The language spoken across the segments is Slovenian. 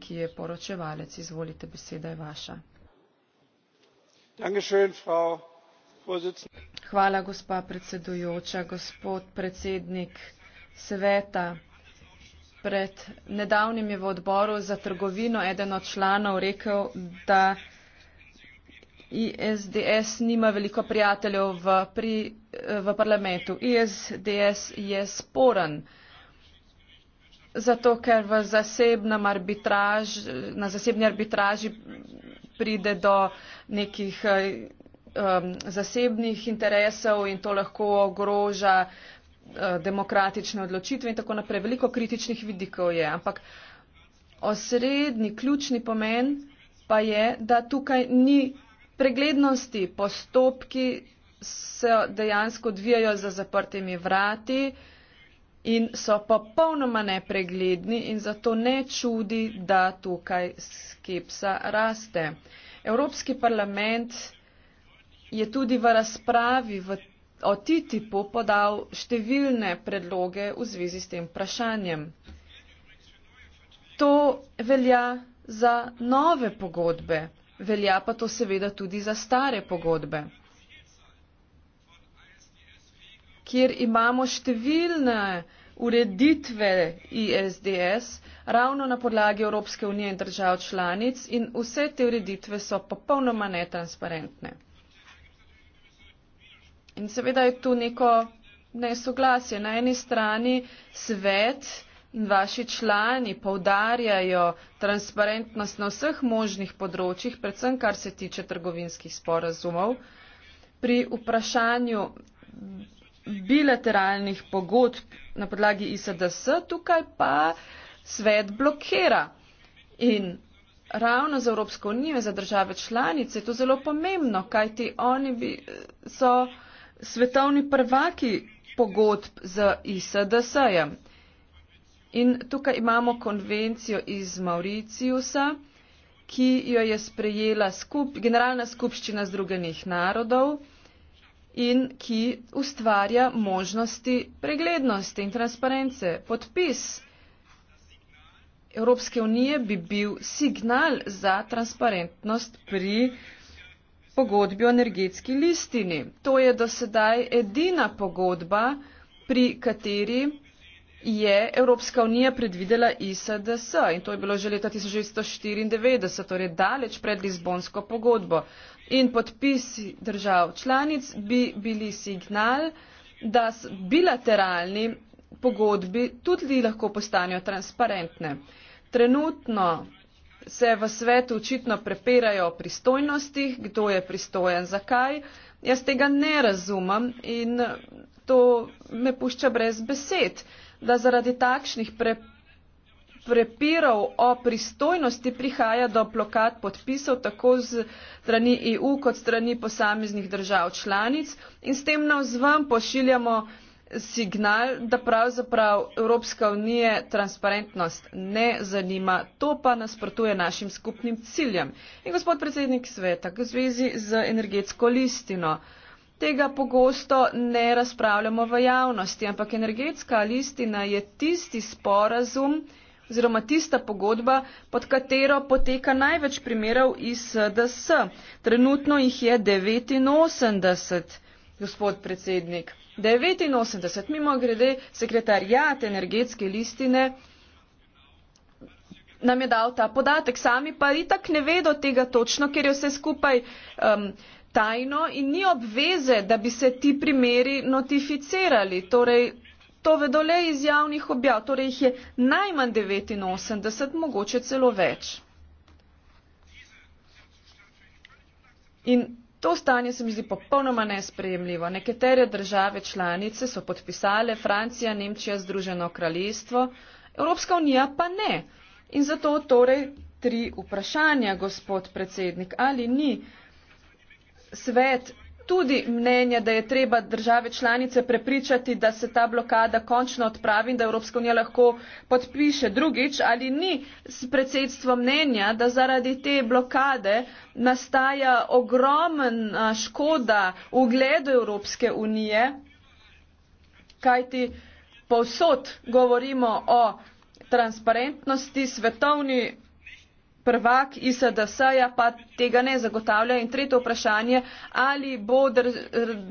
ki je poročevalec. Izvolite, beseda je vaša. Hvala, gospa predsedujoča, gospod predsednik sveta. Pred nedavnim je v odboru za trgovino eden od članov rekel, da ISDS nima veliko prijateljev v, pri, v parlamentu. ISDS je sporen. Zato, ker v zasebnem arbitraži, na zasebni arbitraži pride do nekih um, zasebnih interesov in to lahko ogroža uh, demokratične odločitve in tako naprej. Veliko kritičnih vidikov je, ampak osrednji, ključni pomen pa je, da tukaj ni preglednosti, postopki se dejansko odvijajo za zaprtimi vrati. Uh, in so popolnoma nepregledni in zato ne čudi, da tukaj skepsa raste. Evropski parlament je tudi v razpravi v o TTIP-u podal številne predloge v zvezi s tem vprašanjem. To velja za nove pogodbe, velja pa to seveda tudi za stare pogodbe kjer imamo številne ureditve ISDS ravno na podlagi Evropske unije in držav članic in vse te ureditve so popolnoma netransparentne. In seveda je tu neko nesoglasje. Na eni strani svet in vaši člani povdarjajo transparentnost na vseh možnih področjih, predvsem kar se tiče trgovinskih sporazumov. Pri vprašanju bilateralnih pogodb na podlagi ISDS, tukaj pa svet blokira. In ravno za Evropsko unijo, za države članice je to zelo pomembno, kajti oni bi, so svetovni prvaki pogodb z ISDS-jem. In tukaj imamo konvencijo iz Mauriciusa, ki jo je sprejela skup, Generalna skupščina Združenih narodov in ki ustvarja možnosti preglednosti in transparence. Podpis Evropske unije bi bil signal za transparentnost pri pogodbi o energetski listini. To je do sedaj edina pogodba, pri kateri je Evropska unija predvidela ISDS in to je bilo že leta 1994, torej daleč pred Lizbonsko pogodbo. In podpisi držav članic bi bili signal, da bilateralni pogodbi tudi lahko postanejo transparentne. Trenutno se v svetu očitno prepirajo o pristojnostih, kdo je pristojen za kaj. Jaz tega ne razumem in to me pušča brez besed da zaradi takšnih pre, prepirov o pristojnosti prihaja do blokad podpisov tako z strani EU kot strani posameznih držav članic in s tem navzven pošiljamo signal, da pravzaprav Evropska unija transparentnost ne zanima, to pa nasprotuje našim skupnim ciljem. In gospod predsednik sveta, v zvezi z energetsko listino, tega pogosto ne razpravljamo v javnosti, ampak energetska listina je tisti sporazum oziroma tista pogodba, pod katero poteka največ primerov iz DS. Trenutno jih je 89, gospod predsednik. 89, mimo grede, sekretarjat energetske listine nam je dal ta podatek. Sami pa itak ne vedo tega točno, ker je vse skupaj. Um, tajno in ni obveze, da bi se ti primeri notificirali. Torej, to vedo le iz javnih objav, torej jih je najmanj 89, mogoče celo več. In to stanje se mi zdi popolnoma nesprejemljivo. Nekatere države članice so podpisale, Francija, Nemčija, Združeno kraljestvo, Evropska unija pa ne. In zato torej tri vprašanja, gospod predsednik, ali ni svet tudi mnenje, da je treba države članice prepričati, da se ta blokada končno odpravi in da Evropska unija lahko podpiše drugič, ali ni s predsedstvom mnenja, da zaradi te blokade nastaja ogromna škoda v ugledu Evropske unije, kajti povsod govorimo o transparentnosti, svetovni prvak ISDS-ja pa tega ne zagotavlja. In tretje vprašanje, ali bo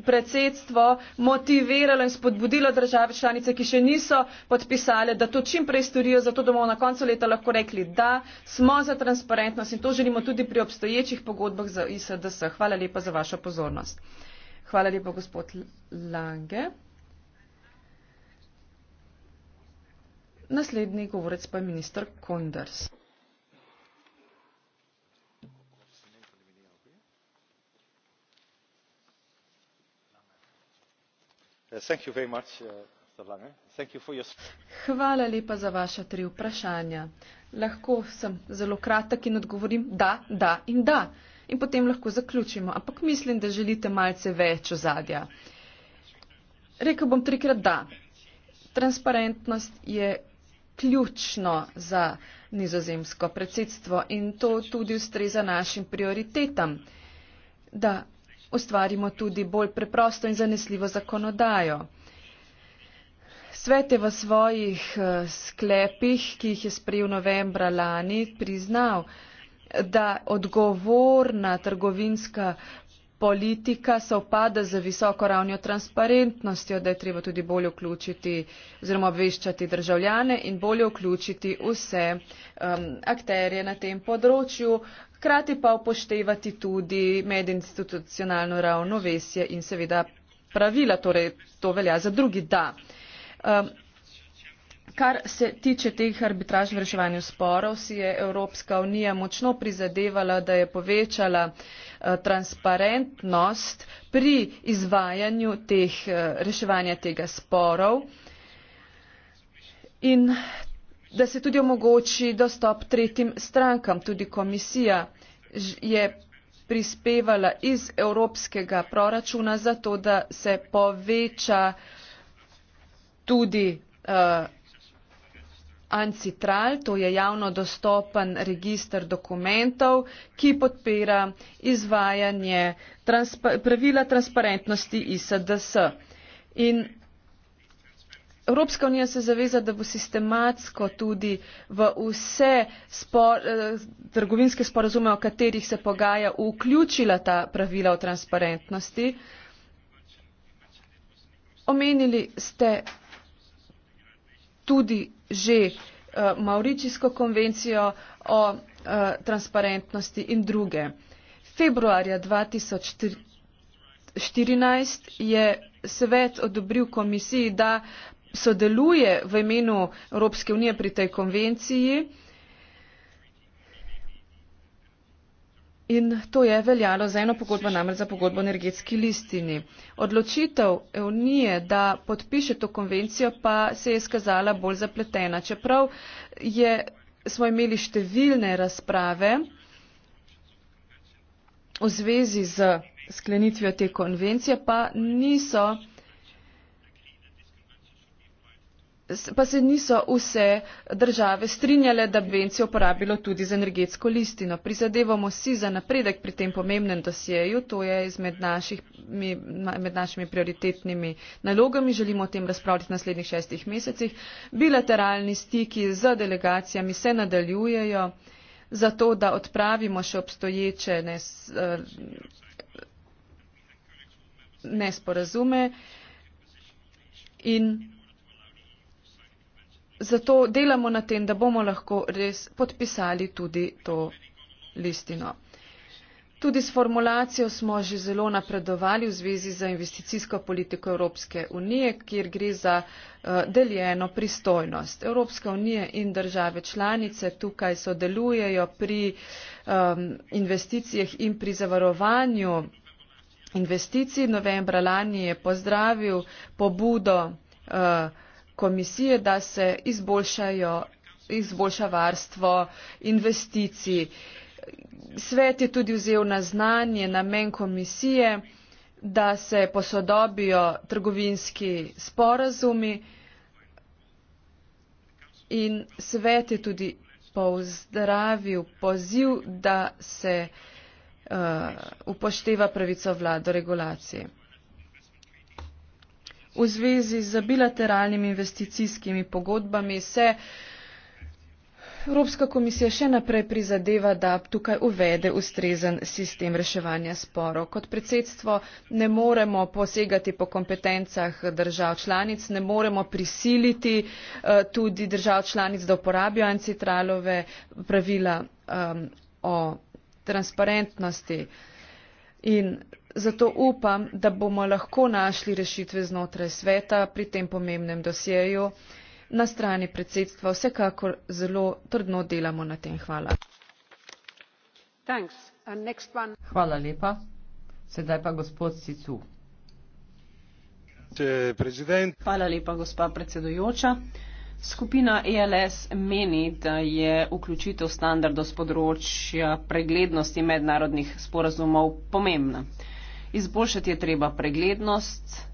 predsedstvo motiviralo in spodbudilo države članice, ki še niso podpisale, da to čimprej storijo, zato da bomo na koncu leta lahko rekli, da smo za transparentnost in to želimo tudi pri obstoječih pogodbah za ISDS. Hvala lepa za vašo pozornost. Hvala lepa, gospod Lange. Naslednji govorec pa je minister Konders. Uh, uh, Hvala lepa za vaša tri vprašanja. Lahko sem zelo kratek in odgovorim da, da in da. In potem lahko zaključimo. Ampak mislim, da želite malce več ozadja. Rekel bom trikrat da. Transparentnost je ključno za nizozemsko predsedstvo in to tudi ustreza našim prioritetam, da ustvarimo tudi bolj preprosto in zanesljivo zakonodajo. Svet je v svojih eh, sklepih, ki jih je sprejel novembra lani, priznal, da odgovorna trgovinska politika se opada z visoko ravnjo transparentnostjo, da je treba tudi bolje vključiti oziroma obveščati državljane in bolje vključiti vse um, akterje na tem področju, hkrati pa upoštevati tudi medinstitucionalno ravnovesje in seveda pravila, torej to velja za drugi da. Um, kar se tiče teh arbitražnih reševanj sporov, si je Evropska unija močno prizadevala, da je povečala eh, transparentnost pri izvajanju teh eh, reševanja tega sporov. In da se tudi omogoči dostop tretjim strankam. Tudi komisija je prispevala iz evropskega proračuna za to, da se poveča tudi uh, ANCITRAL, to je javno dostopen registr dokumentov, ki podpira izvajanje transpa pravila transparentnosti ISDS. In Evropska unija se zaveza, da bo sistematsko tudi v vse spor, eh, trgovinske sporozume, o katerih se pogaja, vključila ta pravila o transparentnosti. Omenili ste tudi že eh, Mauričijsko konvencijo o eh, transparentnosti in druge. Februarja 2014 je svet odobril komisiji, da sodeluje v imenu Evropske unije pri tej konvenciji. In to je veljalo za eno pogodbo, namreč za pogodbo o energetski listini. Odločitev Unije, da podpiše to konvencijo, pa se je skazala bolj zapletena. Čeprav je, smo imeli številne razprave v zvezi z sklenitvijo te konvencije, pa niso pa se niso vse države strinjale, da Vencijo uporabilo tudi za energetsko listino. Prizadevamo si za napredek pri tem pomembnem dosjeju, to je izmed naših, med našimi prioritetnimi nalogami, želimo o tem razpravljati v naslednjih šestih mesecih. Bilateralni stiki z delegacijami se nadaljujejo, zato da odpravimo še obstoječe nes, eh, nesporazume in zato delamo na tem, da bomo lahko res podpisali tudi to listino. Tudi s formulacijo smo že zelo napredovali v zvezi za investicijsko politiko Evropske unije, kjer gre za eh, deljeno pristojnost. Evropska unija in države članice tukaj sodelujejo pri um, investicijah in pri zavarovanju investicij. Novembra lani je pozdravil pobudo. Uh, komisije, da se izboljšajo, izboljša varstvo investicij. Svet je tudi vzel na znanje namen komisije, da se posodobijo trgovinski sporazumi in svet je tudi pozdravil poziv, da se uh, upošteva pravico vlado regulacije v zvezi z bilateralnimi investicijskimi pogodbami se Evropska komisija še naprej prizadeva, da tukaj uvede ustrezen sistem reševanja sporov. Kot predsedstvo ne moremo posegati po kompetencah držav članic, ne moremo prisiliti eh, tudi držav članic, da uporabijo ancitralove pravila um, o transparentnosti. In Zato upam, da bomo lahko našli rešitve znotraj sveta pri tem pomembnem dosjeju. Na strani predsedstva vsekakor zelo trdno delamo na tem. Hvala. Hvala lepa. Sedaj pa gospod Sicu. Hvala lepa, gospa predsedujoča. Skupina ELS meni, da je vključitev standardov z področja preglednosti mednarodnih sporazumov pomembna. Izboljšati je treba preglednost,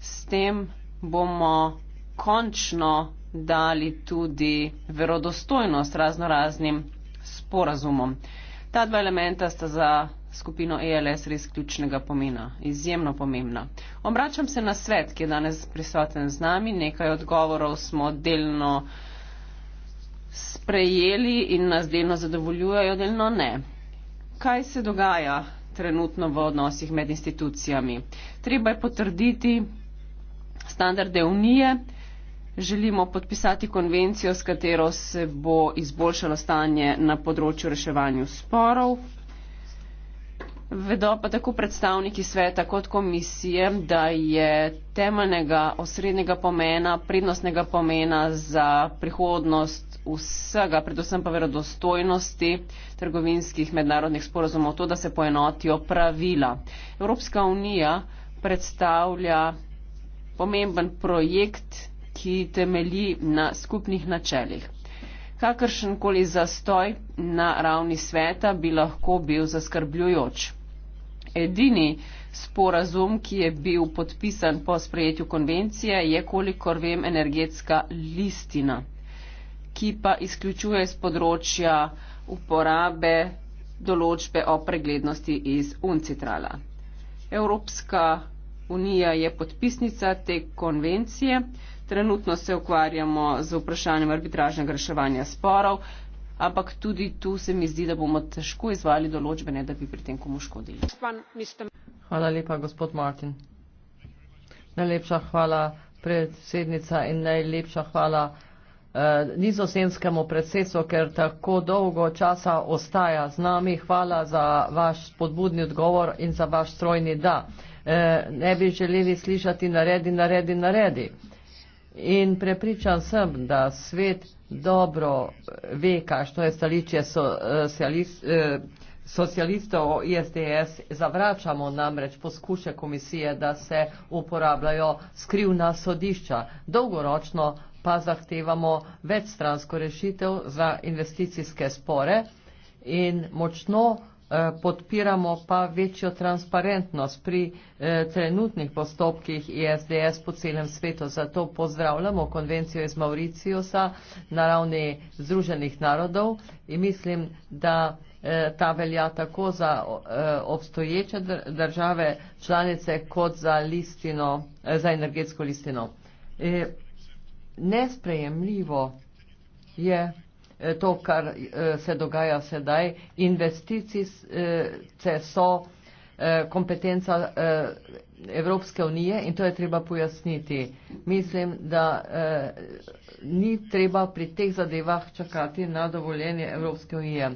s tem bomo končno dali tudi verodostojnost razno raznim sporazumom. Ta dva elementa sta za skupino ELS res ključnega pomena, izjemno pomembna. Obračam se na svet, ki je danes prisoten z nami, nekaj odgovorov smo delno sprejeli in nas delno zadovoljujejo, delno ne. Kaj se dogaja trenutno v odnosih med institucijami. Treba je potrditi standarde unije. Želimo podpisati konvencijo, s katero se bo izboljšalo stanje na področju reševanju sporov. Vedo pa tako predstavniki sveta kot komisije, da je temeljnega osrednjega pomena, prednostnega pomena za prihodnost vsega, predvsem pa verodostojnosti trgovinskih mednarodnih sporozumov, to, da se poenotijo pravila. Evropska unija predstavlja pomemben projekt, ki temelji na skupnih načelih. Kakršenkoli zastoj na ravni sveta bi lahko bil zaskrbljujoč edini sporazum, ki je bil podpisan po sprejetju konvencije, je, kolikor vem, energetska listina, ki pa izključuje z področja uporabe določbe o preglednosti iz uncitrala. Evropska unija je podpisnica te konvencije. Trenutno se ukvarjamo z vprašanjem arbitražnega reševanja sporov ampak tudi tu se mi zdi, da bomo težko izvali določbene, da bi pri tem komu škodili. Hvala lepa, gospod Martin. Najlepša hvala predsednica in najlepša hvala eh, nizozemskemu predsedstvu, ker tako dolgo časa ostaja z nami. Hvala za vaš spodbudni odgovor in za vaš strojni da. Eh, ne bi želeli slišati naredi, naredi, naredi. In prepričan sem, da svet dobro ve, kakšno je stališče eh, eh, socialistov ISDS. E Zavračamo namreč poskuše komisije, da se uporabljajo skrivna sodišča. Dolgoročno pa zahtevamo večstransko rešitev za investicijske spore in močno Eh, podpiramo pa večjo transparentnost pri eh, trenutnih postopkih ISDS po celem svetu. Zato pozdravljamo konvencijo iz Mauriciusa na ravni Združenih narodov in mislim, da eh, ta velja tako za eh, obstoječe države članice kot za, listino, eh, za energetsko listino. Eh, nesprejemljivo je to, kar eh, se dogaja sedaj. Investicije eh, so eh, kompetenca Evropske unije in to je treba pojasniti. Mislim, da ni treba pri teh zadevah čakati na dovoljenje Evropske unije.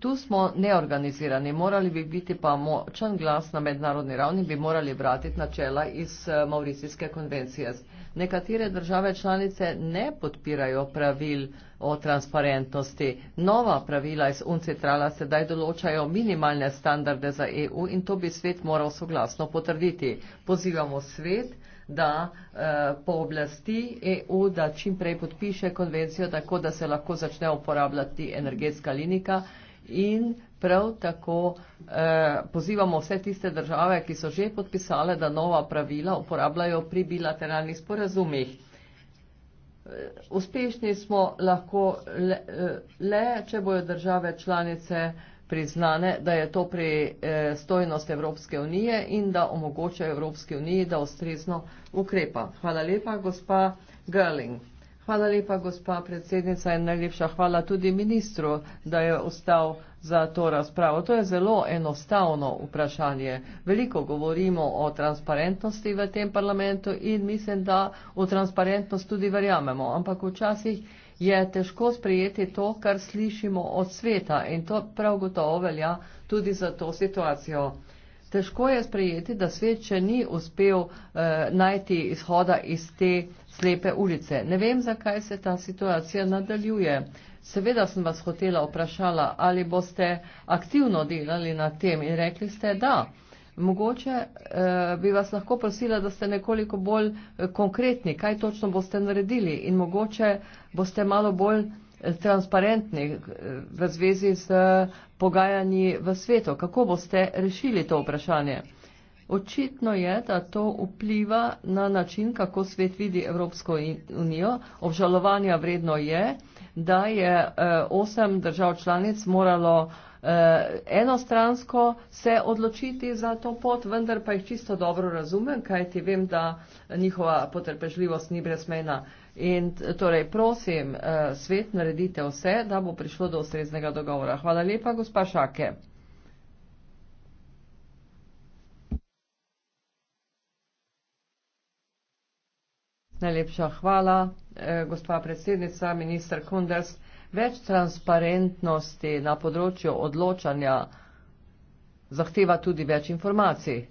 Tu smo neorganizirani, morali bi biti pa močan glas na mednarodni ravni, bi morali vratiti načela iz eh, Mauricijske konvencije. Nekatere države članice ne podpirajo pravil o transparentnosti. Nova pravila iz UNCITRALA sedaj določajo minimalne standarde za EU in to bi svet moral soglasno potrditi. Pozivamo svet, da eh, pooblasti EU, da čim prej podpiše konvencijo, tako da se lahko začne uporabljati energetska linika in prav tako eh, pozivamo vse tiste države, ki so že podpisale, da nova pravila uporabljajo pri bilateralnih sporazumih. Eh, uspešni smo lahko le, eh, le, če bojo države članice priznane, da je to pri eh, stojnost Evropske unije in da omogoča Evropske unije, da ustrezno ukrepa. Hvala lepa, gospa Görling. Hvala lepa, gospa predsednica, in najlepša hvala tudi ministru, da je ostal za to razpravo. To je zelo enostavno vprašanje. Veliko govorimo o transparentnosti v tem parlamentu in mislim, da v transparentnost tudi verjamemo. Ampak včasih je težko sprejeti to, kar slišimo od sveta in to prav gotovo velja tudi za to situacijo težko je sprejeti, da svet še ni uspel eh, najti izhoda iz te slepe ulice. Ne vem, zakaj se ta situacija nadaljuje. Seveda sem vas hotela vprašala, ali boste aktivno delali na tem in rekli ste da. Mogoče eh, bi vas lahko prosila, da ste nekoliko bolj eh, konkretni, kaj točno boste naredili in mogoče boste malo bolj transparentni eh, v zvezi z eh, pogajanji v svetu. Kako boste rešili to vprašanje? Očitno je, da to vpliva na način, kako svet vidi Evropsko unijo. Obžalovanja vredno je, da je eh, osem držav članic moralo enostransko se odločiti za to pot, vendar pa jih čisto dobro razumem, kajti vem, da njihova potrpežljivost ni brezmena. In torej, prosim, eh, svet naredite vse, da bo prišlo do ustreznega dogovora. Hvala lepa, gospa Šake. Najlepša hvala, eh, gospa predsednica, minister Kunders. Več transparentnosti na področju odločanja zahteva tudi več informacij.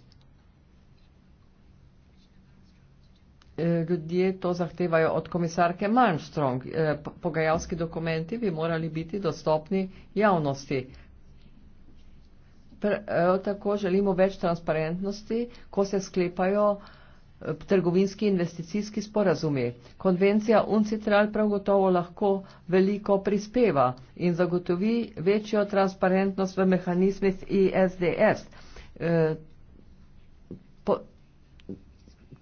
ljudje to zahtevajo od komisarke Malmstrong. E, pogajalski dokumenti bi morali biti dostopni javnosti. Prav e, tako želimo več transparentnosti, ko se sklepajo e, trgovinski investicijski sporazumi. Konvencija UNCITRAL prav gotovo lahko veliko prispeva in zagotovi večjo transparentnost v mehanizmih ISDS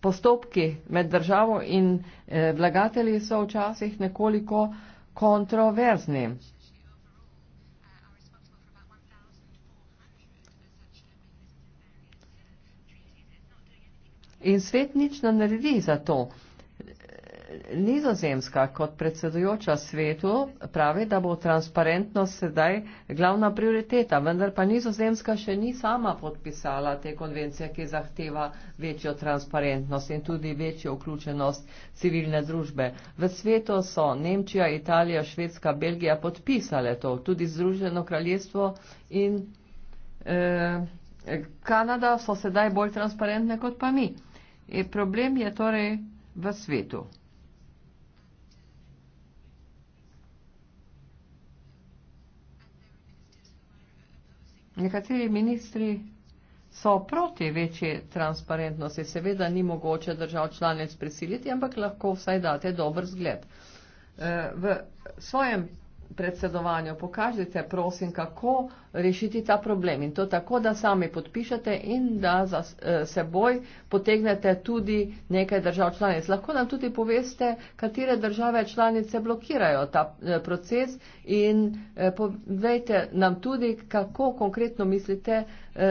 postopki med državo in eh, vlagatelji so včasih nekoliko kontroverzni. In svet nič ne naredi za to. Nizozemska kot predsedujoča svetu pravi, da bo transparentnost sedaj glavna prioriteta, vendar pa Nizozemska še ni sama podpisala te konvencije, ki zahteva večjo transparentnost in tudi večjo vključenost civilne družbe. V svetu so Nemčija, Italija, Švedska, Belgija podpisale to, tudi Združeno kraljestvo in eh, Kanada so sedaj bolj transparentne kot pa mi. E, problem je torej v svetu. Nekateri ministri so proti večji transparentnosti. Seveda ni mogoče držav članic prisiliti, ampak lahko vsaj date dober zgled. Eh, v svojem predsedovanju, pokažite, prosim, kako rešiti ta problem. In to tako, da sami podpišete in da za eh, seboj potegnete tudi nekaj držav članic. Lahko nam tudi poveste, katere države članice blokirajo ta eh, proces in eh, povejte nam tudi, kako konkretno mislite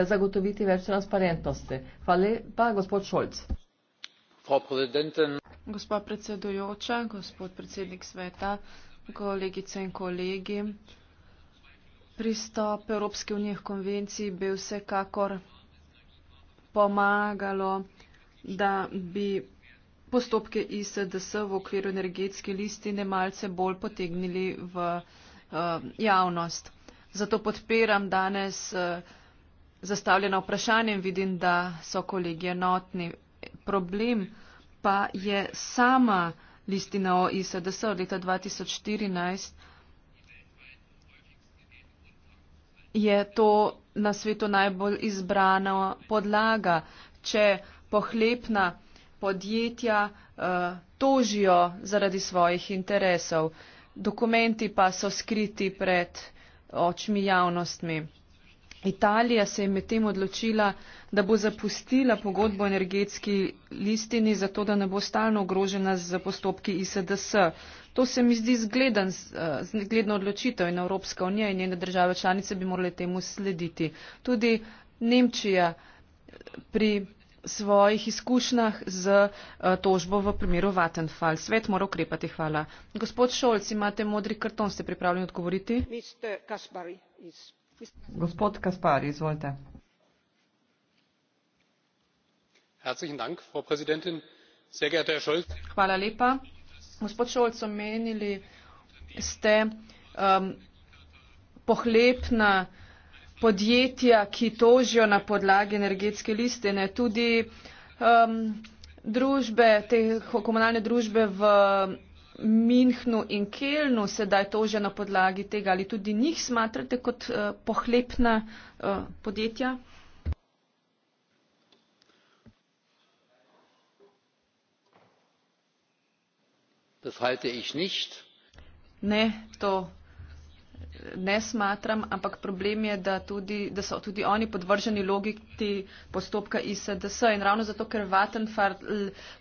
zagotoviti več transparentnosti. Hvala lepa, gospod Šolc. Gospod predsedujoča, gospod predsednik sveta kolegice in kolegi. Pristop Evropske unije konvenciji bi vsekakor pomagalo, da bi postopke ISDS v okviru energetske listine malce bolj potegnili v uh, javnost. Zato podpiram danes uh, eh, zastavljeno vprašanje in vidim, da so kolegi enotni. Problem pa je sama listina OECDS od leta 2014, je to na svetu najbolj izbrana podlaga. Če pohlepna podjetja uh, tožijo zaradi svojih interesov, dokumenti pa so skriti pred očmi javnostmi. Italija se je medtem odločila, da bo zapustila pogodbo o energetski listini, zato da ne bo stalno ogrožena z postopki ISDS. To se mi zdi zgleden, eh, zgledno odločitev in Evropska unija in njene države članice bi morali temu slediti. Tudi Nemčija eh, pri svojih izkušnjah z eh, tožbo v primeru Vattenfall. Svet mora ukrepati. Hvala. Gospod Šolc, imate modri karton, ste pripravljeni odgovoriti? Mr. Kaspari is Gospod Kaspar, izvolite. Hvala lepa. Gospod Šolc, omenili ste um, pohlepna podjetja, ki tožijo na podlagi energetske listine. Tudi um, družbe, te komunalne družbe v Minhnu in Kelnu sedaj tože na podlagi tega ali tudi njih smatrate kot uh, pohlepna uh, podjetja? Das halte ich nicht. Ne, to eh, ne smatram, ampak problem je, da, tudi, da so tudi oni podvrženi logiki postopka ISDS in ravno zato, ker Vattenfall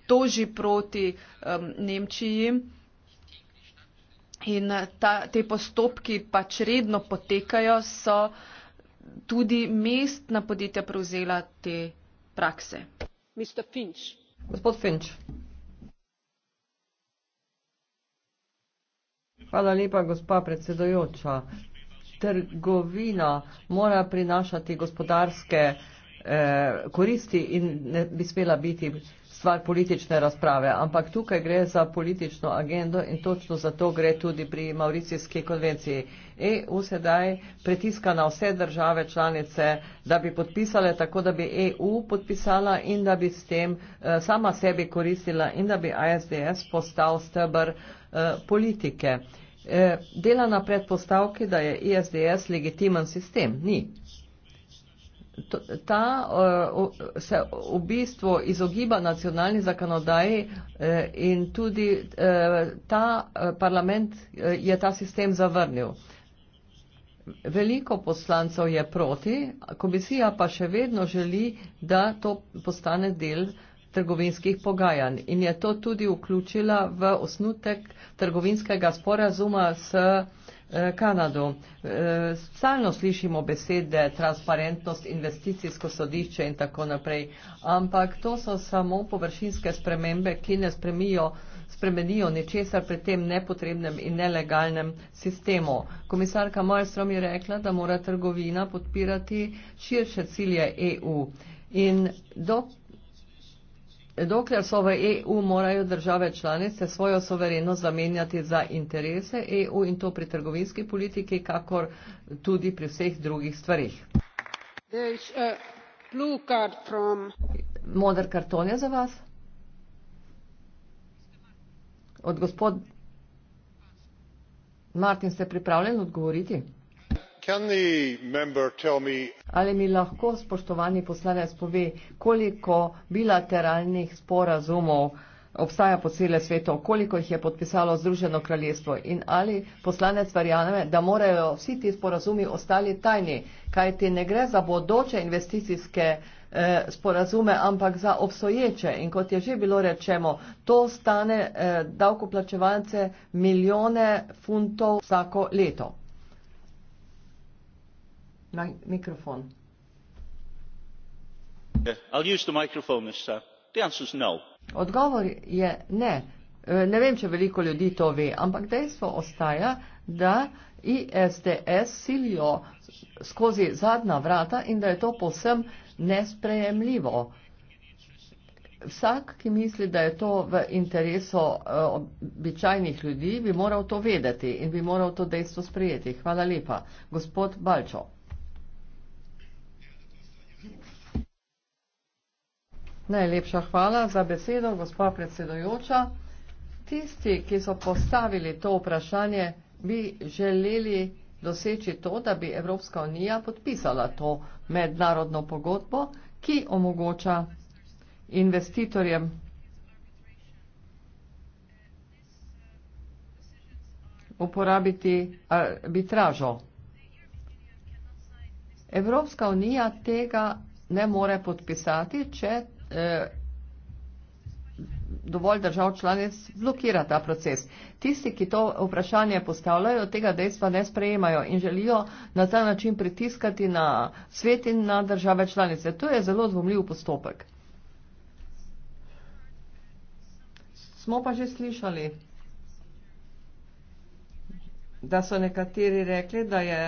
toži proti um, Nemčiji. In eh, ta, te postopki pač redno potekajo, so tudi mestna podjetja prevzela te prakse. Finch. Gospod Finč. Hvala lepa, gospa predsedojoča. Trgovina mora prinašati gospodarske eh, koristi in ne bi smela biti stvar politične razprave, ampak tukaj gre za politično agendo in točno zato gre tudi pri Mauricijski konvenciji. EU sedaj pritiska na vse države članice, da bi podpisale tako, da bi EU podpisala in da bi s tem eh, sama sebi koristila in da bi ASDS postal stebr eh, politike. Eh, dela na predpostavki, da je ISDS legitimen sistem. Ni to, ta uh, se v bistvu izogiba nacionalni zakonodaji uh, in tudi uh, ta parlament uh, je ta sistem zavrnil. Veliko poslancev je proti, komisija pa še vedno želi, da to postane del trgovinskih pogajanj in je to tudi vključila v osnutek trgovinskega sporazuma s uh, Kanado. E, stalno slišimo besede transparentnost, investicijsko sodišče in tako naprej, ampak to so samo površinske spremembe, ki ne spremijo spremenijo nečesar pred tem nepotrebnem in nelegalnem sistemu. Komisarka Malmström je rekla, da mora trgovina podpirati širše cilje EU in dokler Dokler so v EU, morajo države članice svojo soverenost zamenjati za interese EU in to pri trgovinski politiki, kakor tudi pri vseh drugih stvarih. Card from... Moder karton je za vas. Od gospod Martin, ste pripravljeni odgovoriti? Ali mi lahko spoštovani poslanec pove, koliko bilateralnih sporazumov obstaja po cele svetu, koliko jih je podpisalo Združeno kraljestvo in ali poslanec verjame, da morajo vsi ti sporazumi ostali tajni, kajti ne gre za bodoče investicijske eh, sporazume, ampak za obstoječe. In kot je že bilo rečeno, to stane eh, davkoplačevalce milijone funtov vsako leto. Uh, no. odgovor je ne e, ne vem če veliko ljudi to ve ampak dejstvo ostaja da isds silijo skozi zadnja vrata in da je to povsem nesprejemljivo vsak ki misli da je to v interesu e, običajnih ljudi bi moral to vedeti in bi moral to dejstvo sprejeti hvala lepa gospod balčo Najlepša hvala za besedo, gospod predsedojoča. Tisti, ki so postavili to vprašanje, bi želeli doseči to, da bi Evropska unija podpisala to mednarodno pogodbo, ki omogoča investitorjem uporabiti arbitražo. Evropska unija tega ne more podpisati, če Eh, dovolj držav članic blokira ta proces. Tisti, ki to vprašanje postavljajo, tega dejstva ne sprejemajo in želijo na ta način pritiskati na svet in na države članice. To je zelo dvomljiv postopek. Smo pa že slišali, da so nekateri rekli, da je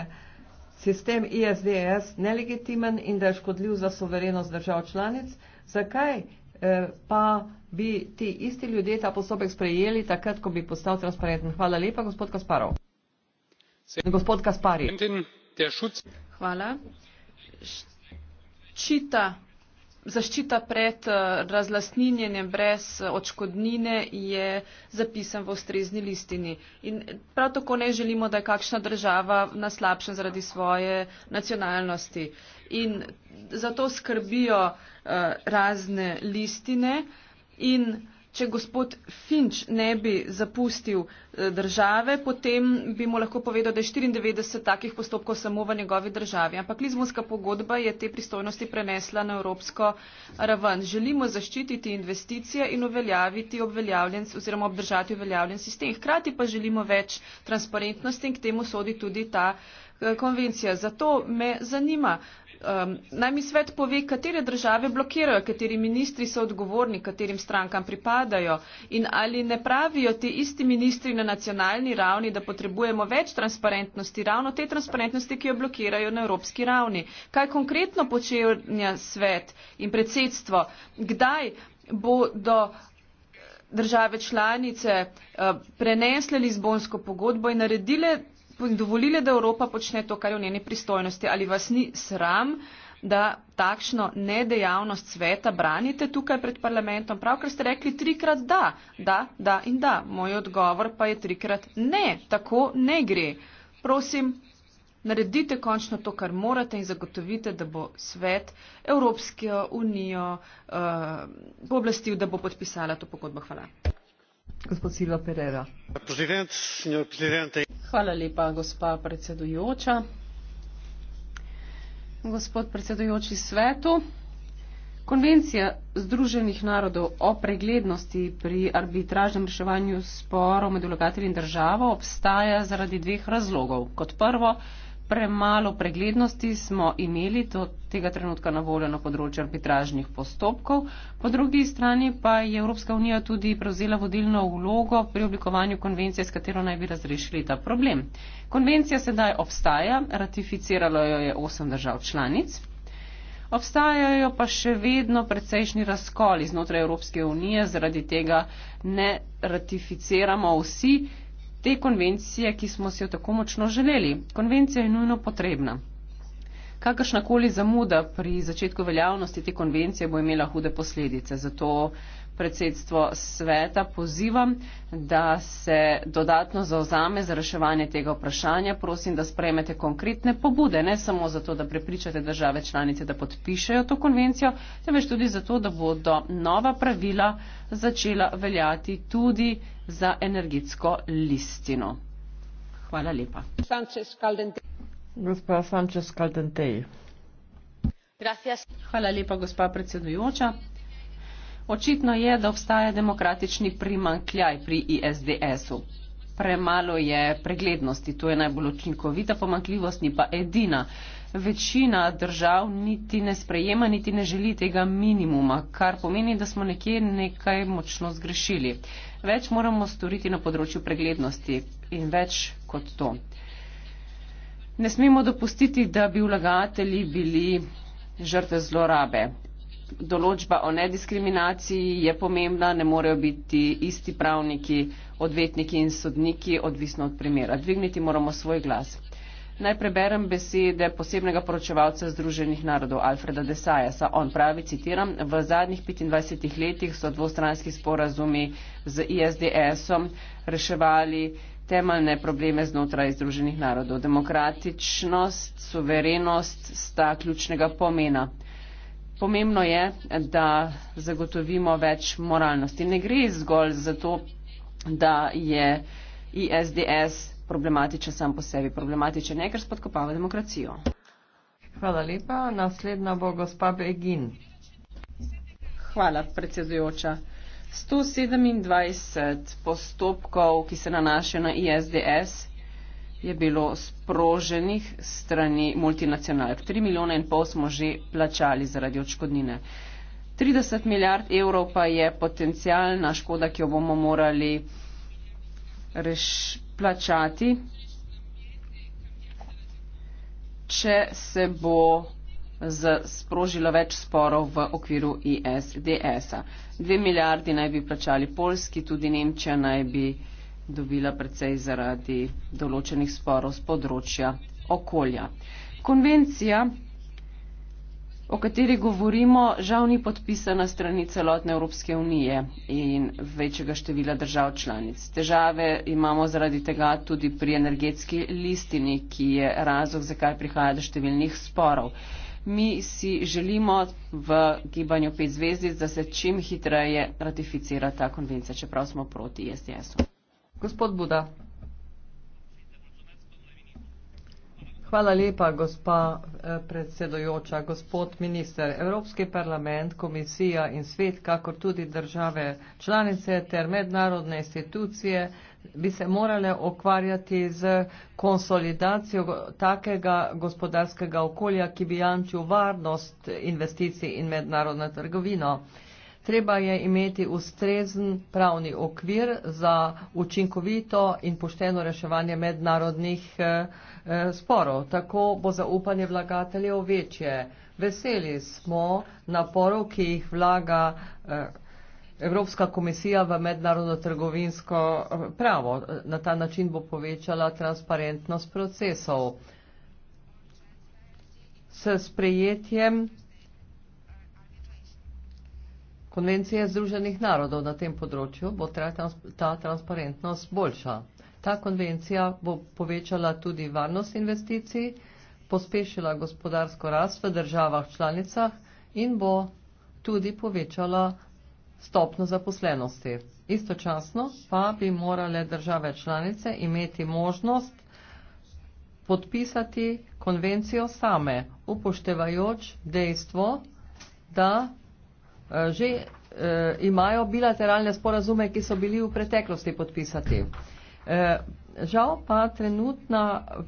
sistem ISDS nelegitimen in da je škodljiv za soverenost držav članic. Zakaj eh, pa bi ti isti ljudje ta postopek sprejeli takrat, ko bi postal transparenten? Hvala lepa, gospod Kasparov. Gospod Kaspari. Hvala. Ščita zaščita pred eh, razlasninjenjem brez eh, očkodnine je zapisan v ustrezni listini. In eh, prav tako ne želimo, da je kakšna država naslabšen zaradi svoje nacionalnosti. In zato skrbijo razne listine in če gospod Finč ne bi zapustil eh, države, potem bi mu lahko povedal, da je 94 takih postopkov samo v njegovi državi. Ampak Lizbonska pogodba je te pristojnosti prenesla na evropsko raven. Želimo zaščititi investicije in uveljaviti obveljavljen oziroma obdržati uveljavljen sistem. Hkrati pa želimo več transparentnosti in k temu sodi tudi ta eh, konvencija. Zato me zanima, uh, um, naj mi svet pove, katere države blokirajo, kateri ministri so odgovorni, katerim strankam pripadajo in ali ne pravijo ti isti ministri na nacionalni ravni, da potrebujemo več transparentnosti, ravno te transparentnosti, ki jo blokirajo na evropski ravni. Kaj konkretno počenja svet in predsedstvo? Kdaj bodo države članice uh, prenesle Lizbonsko pogodbo in naredile dovolili, da Evropa počne to, kar je v njeni pristojnosti. Ali vas ni sram, da takšno nedejavnost sveta branite tukaj pred parlamentom? Pravkar ste rekli trikrat da, da, da in da. Moj odgovor pa je trikrat ne, tako ne gre. Prosim, naredite končno to, kar morate in zagotovite, da bo svet Evropske unijo eh, pooblastil, uh, da bo podpisala to pogodbo. Hvala. Gospod Silva Pereira. Gospod predsednik, gospod predsednik. Hvala lepa, gospa predsedujoča. Gospod predsedujoči svetu, Konvencija Združenih narodov o preglednosti pri arbitražnem reševanju sporov med vlagatelji in državo obstaja zaradi dveh razlogov. Kot prvo, Premalo preglednosti smo imeli do tega trenutka na voljo na področju arbitražnih postopkov. Po drugi strani pa je Evropska unija tudi prevzela vodilno vlogo pri oblikovanju konvencije, s katero naj bi razrešili ta problem. Konvencija sedaj obstaja, ratificiralo jo je osem držav članic. Obstajajo pa še vedno precejšnji razkoli znotraj Evropske unije, zaradi tega ne ratificiramo vsi te konvencije, ki smo si jo tako močno želeli. Konvencija je nujno potrebna. Kakršnakoli zamuda pri začetku veljavnosti te konvencije bo imela hude posledice. Zato predsedstvo sveta pozivam, da se dodatno zauzame za reševanje tega vprašanja. Prosim, da spremete konkretne pobude, ne samo zato, da prepričate države članice, da podpišejo to konvencijo, temveč tudi zato, da bodo nova pravila začela veljati tudi za energetsko listino. Hvala lepa. Gospa Sanchez Caldentej. Hvala lepa, gospa predsedujoča. Očitno je, da obstaja demokratični primankljaj pri ISDS-u. Premalo je preglednosti, to je najbolj učinkovita pomankljivost, ni pa edina večina držav niti ne sprejema, niti ne želi tega minimuma, kar pomeni, da smo nekje nekaj močno zgrešili. Več moramo storiti na področju preglednosti in več kot to. Ne smemo dopustiti, da bi vlagatelji bili žrtve zlorabe. Določba o nediskriminaciji je pomembna, ne morejo biti isti pravniki, odvetniki in sodniki, odvisno od primera. Dvigniti moramo svoj glas. Naj preberem besede posebnega poročevalca Združenih narodov Alfreda Desajasa. On pravi, citiram, v zadnjih 25 letih so dvostranski sporazumi z ISDS-om reševali temeljne probleme znotraj Združenih narodov. Demokratičnost, suverenost sta ključnega pomena. Pomembno je, da zagotovimo več moralnosti. Ne gre zgolj za to, da je ISDS problematičen sam po sebi. Problematičen je, ker spodkopava demokracijo. Hvala lepa. Naslednja bo gospa Begin. Hvala, predsedujoča. 127 postopkov, ki se nanašajo na ISDS, je bilo sproženih strani multinacionalk. 3 milijone in pol smo že plačali zaradi očkodnine. 30 milijard evrov pa je potencijalna škoda, ki jo bomo morali rešiti plačati, če se bo sprožilo več sporov v okviru ISDS-a. Dve milijardi naj bi plačali Polski, tudi Nemčija naj bi dobila precej zaradi določenih sporov z področja okolja. Konvencija o kateri govorimo, žal ni podpisana strani celotne Evropske unije in večjega števila držav članic. Težave imamo zaradi tega tudi pri energetski listini, ki je razlog, zakaj prihaja do številnih sporov. Mi si želimo v gibanju 5 zvezdic, da se čim hitreje ratificira ta konvencija, čeprav smo proti STS-u. Gospod Buda. Hvala lepa, gospa eh, predsedojoča, gospod minister. Evropski parlament, komisija in svet, kakor tudi države članice ter mednarodne institucije bi se morale okvarjati z konsolidacijo takega gospodarskega okolja, ki bi jamčil varnost investicij in mednarodno trgovino. Treba je imeti ustrezen pravni okvir za učinkovito in pošteno reševanje mednarodnih eh, eh, sporov. Tako bo zaupanje vlagateljev večje. Veseli smo naporov, ki jih vlaga eh, Evropska komisija v mednarodno trgovinsko pravo. Na ta način bo povečala transparentnost procesov. S sprejetjem Konvencije Združenih narodov na tem področju bo ta transparentnost boljša. Ta konvencija bo povečala tudi varnost investicij, pospešila gospodarsko rast v državah članicah in bo tudi povečala stopno zaposlenosti. Istočasno pa bi morale države članice imeti možnost podpisati konvencijo same, upoštevajoč dejstvo, da Eh, že uh, imajo bilateralne sporazume, ki so bili v preteklosti podpisati. Uh, žal pa trenutna uh,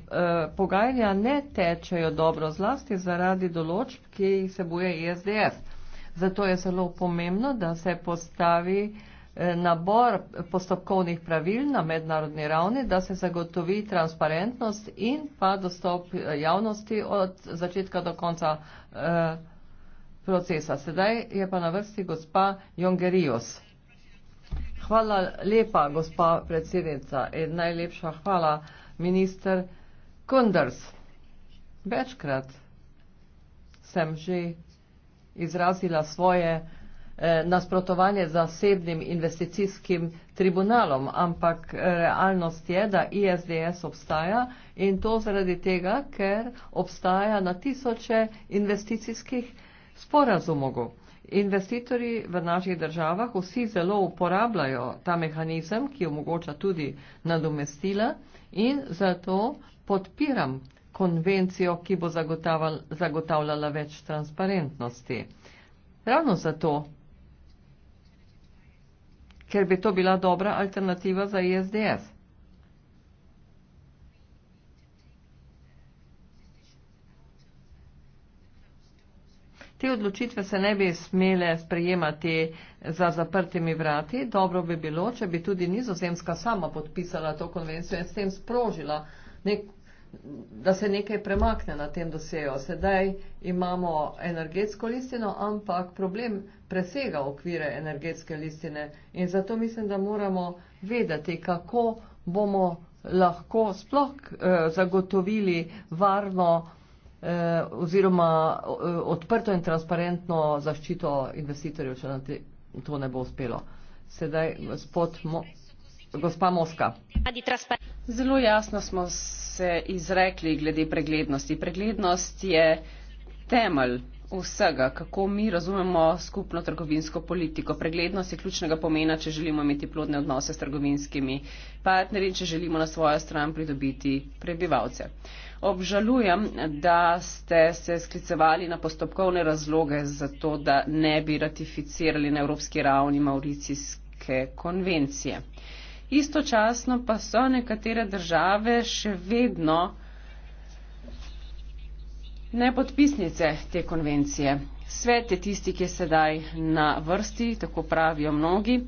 pogajanja ne tečejo dobro zlasti zaradi določb, ki jih sebuje ISDS. E Zato je zelo pomembno, da se postavi nabor postopkovnih pravil na mednarodni ravni, da se zagotovi transparentnost in pa dostop javnosti od začetka do konca eh, procesa. Sedaj je pa na vrsti gospa Jongerijos. Hvala lepa, gospa predsednica. In najlepša hvala, minister Kunders. Večkrat sem že izrazila svoje eh, nasprotovanje zasebnim investicijskim tribunalom, ampak eh, realnost je, da ISDS obstaja in to zaradi tega, ker obstaja na tisoče investicijskih tribunalov sporazumov. Investitorji v naših državah vsi zelo uporabljajo ta mehanizem, ki omogoča tudi nadomestila in zato podpiram konvencijo, ki bo zagotavljala več transparentnosti. Ravno zato, ker bi to bila dobra alternativa za ISDS. Te odločitve se ne bi smele sprejemati za zaprtimi vrati. Dobro bi bilo, če bi tudi nizozemska sama podpisala to konvencijo in s tem sprožila, nek, da se nekaj premakne na tem dosejo. Sedaj imamo energetsko listino, ampak problem presega okvire energetske listine in zato mislim, da moramo vedeti, kako bomo lahko sploh eh, zagotovili varno eh, oziroma eh, odprto in transparentno zaščito investitorjev, če nam to ne bo uspelo. Sedaj gospod Mo gospa Moska. Zelo jasno smo se izrekli glede preglednosti. Preglednost je temelj vsega, kako mi razumemo skupno trgovinsko politiko. Preglednost je ključnega pomena, če želimo imeti plodne odnose s trgovinskimi partnerji, če želimo na svojo stran pridobiti prebivalce. Obžalujem, da ste se sklicevali na postopkovne razloge za to, da ne bi ratificirali na evropski ravni Mauricijske konvencije. Istočasno pa so nekatere države še vedno nepodpisnice te konvencije. Svet je tisti, ki je sedaj na vrsti, tako pravijo mnogi.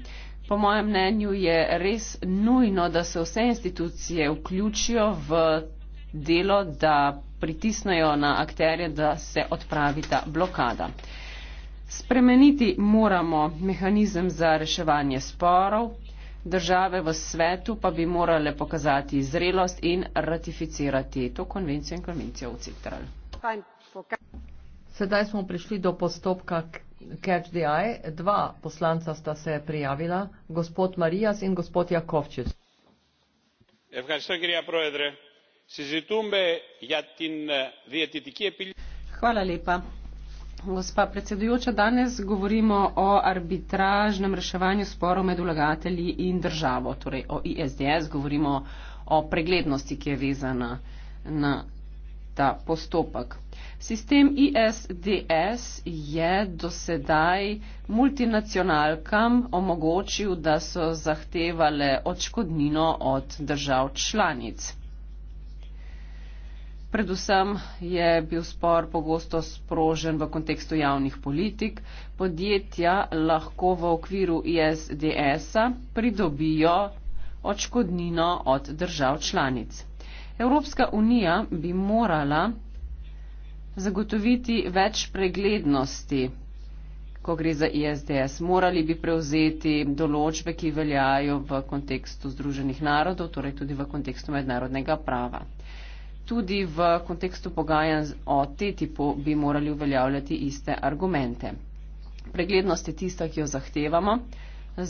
Po mojem mnenju je res nujno, da se vse institucije vključijo v delo, da pritisnejo na akterje, da se odpravi ta blokada. Spremeniti moramo mehanizem za reševanje sporov, države v svetu pa bi morale pokazati zrelost in ratificirati to konvencijo in konvencijo v Citralu. Sedaj smo prišli do postopka Catch the Eye. Dva poslanca sta se prijavila, gospod Marijas in gospod Jakovčič. Eh, Hvala lepa. Gospa predsedujoča, danes govorimo o arbitražnem reševanju sporov med vlagatelji in državo, torej o ISDS, govorimo o preglednosti, ki je vezana na ta postopek. Sistem ISDS je dosedaj multinacionalkam omogočil, da so zahtevale odškodnino od držav članic. Predvsem je bil spor pogosto sprožen v kontekstu javnih politik. Podjetja lahko v okviru ISDS-a pridobijo odškodnino od držav članic. Evropska unija bi morala zagotoviti več preglednosti, ko gre za ISDS. Morali bi prevzeti določbe, ki veljajo v kontekstu Združenih narodov, torej tudi v kontekstu mednarodnega prava. Tudi v kontekstu pogajanj o TTIP-u bi morali uveljavljati iste argumente. Preglednost je tista, ki jo zahtevamo,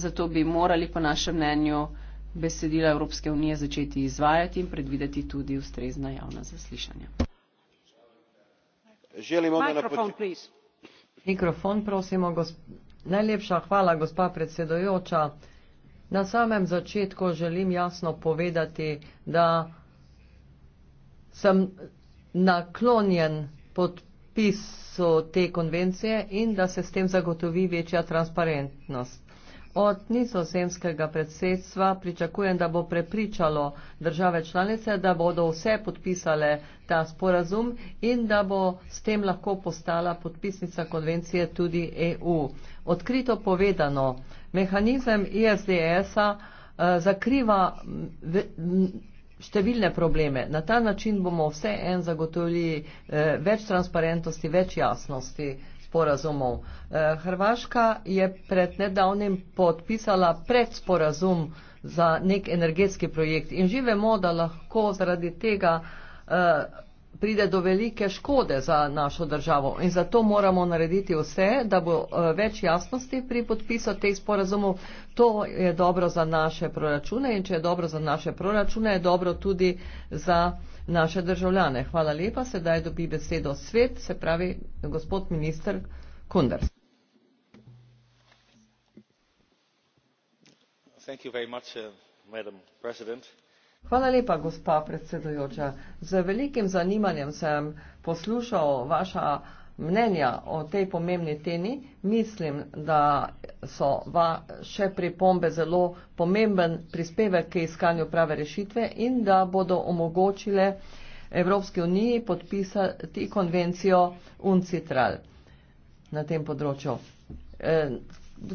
zato bi morali po našem mnenju besedila Evropske unije začeti izvajati in predvideti tudi ustrezna javna zaslišanja. Mikrofon, prosimo. Najlepša hvala, gospa predsedojoča. Na samem začetku želim jasno povedati, da sem naklonjen podpisu te konvencije in da se s tem zagotovi večja transparentnost. Od nizozemskega predsedstva pričakujem, da bo prepričalo države članice, da bodo vse podpisale ta sporazum in da bo s tem lahko postala podpisnica konvencije tudi EU. Odkrito povedano, mehanizem ISDS-a e eh, zakriva številne probleme. Na ta način bomo vse en zagotovili eh, več transparentnosti, več jasnosti sporazumov. Eh, Hrvaška je pred nedavnim podpisala predsporazum za nek energetski projekt in živemo, da lahko zaradi tega eh, pride do velike škode za našo državo in zato moramo narediti vse, da bo eh, več jasnosti pri podpisu teh sporazumov. To je dobro za naše proračune in če je dobro za naše proračune, je dobro tudi za naše državljane. Hvala lepa, sedaj dobi besedo svet, se pravi gospod minister Kunders. Thank you very much, uh, Madam President. Uh, Hvala lepa, gospa predsedujoča. Z velikim zanimanjem sem poslušal vaša mnenja o tej pomembni temi. Mislim, da so vaše pripombe zelo pomemben prispevek k iskanju prave rešitve in da bodo omogočile Evropski uniji podpisati konvencijo UNCITRAL na tem področju. Eh,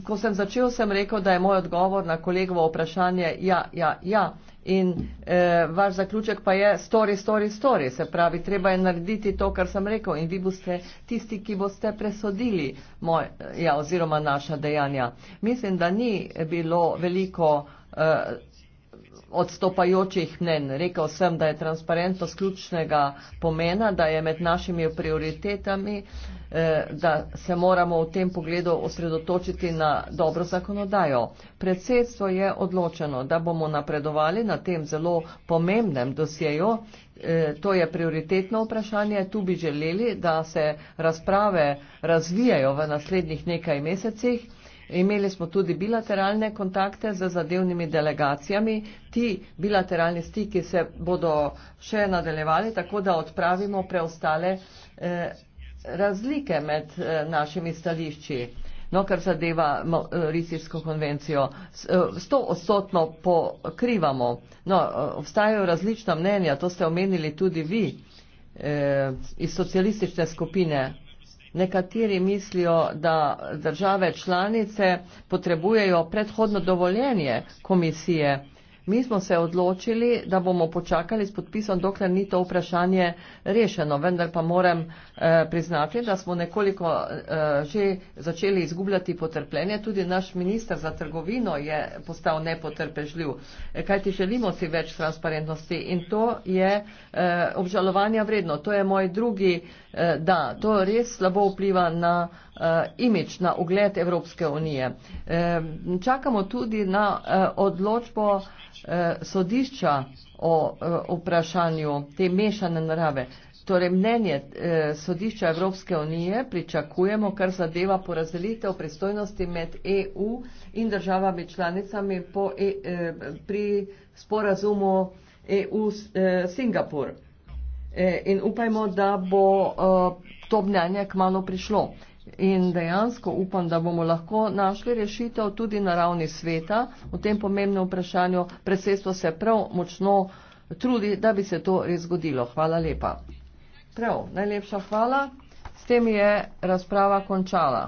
ko sem začel, sem rekel, da je moj odgovor na kolegovo vprašanje ja, ja, ja. In e, vaš zaključek pa je story, story, story. Se pravi, treba je narediti to, kar sem rekel in vi boste tisti, ki boste presodili moj, ja, oziroma naša dejanja. Mislim, da ni bilo veliko. E, odstopajočih mnen. Rekel sem, da je transparentnost ključnega pomena, da je med našimi prioritetami, eh, da se moramo v tem pogledu osredotočiti na dobro zakonodajo. Predsedstvo je odločeno, da bomo napredovali na tem zelo pomembnem dosjeju. Eh, to je prioritetno vprašanje. Tu bi želeli, da se razprave razvijajo v naslednjih nekaj mesecih. Imeli smo tudi bilateralne kontakte z zadevnimi delegacijami. Ti bilateralni stiki se bodo še nadaljevali, tako da odpravimo preostale eh, razlike med eh, našimi stališči. No, kar zadeva eh, Rizijsko konvencijo, sto odstotno pokrivamo. No, obstajajo različna mnenja, to ste omenili tudi vi iz socialistične skupine. Nekateri mislijo, da države članice potrebujejo predhodno dovoljenje komisije. Mi smo se odločili, da bomo počakali s podpisom, dokler ni to vprašanje rešeno, vendar pa moram eh, priznati, da smo nekoliko eh, že začeli izgubljati potrpljenje. Tudi naš minister za trgovino je postal nepotrpežljiv, eh, kajti želimo si več transparentnosti in to je eh, obžalovanja vredno. To je moj drugi eh, da. To res slabo vpliva na Eh, imič, na ugled Evropske unije. Eh, čakamo tudi na eh, odločbo sodišča o vprašanju te mešane narave. Torej, mnenje sodišča Evropske unije pričakujemo, kar zadeva porazdelitev pristojnosti med EU in državami članicami po, e, pri sporazumu EU-Singapur. In upajmo, da bo to mnenje k malo prišlo. In dejansko upam, da bomo lahko našli rešitev tudi na ravni sveta v tem pomembnem vprašanju. Predsedstvo se prav močno trudi, da bi se to res zgodilo. Hvala lepa. Prav, najlepša hvala. S tem je razprava končala.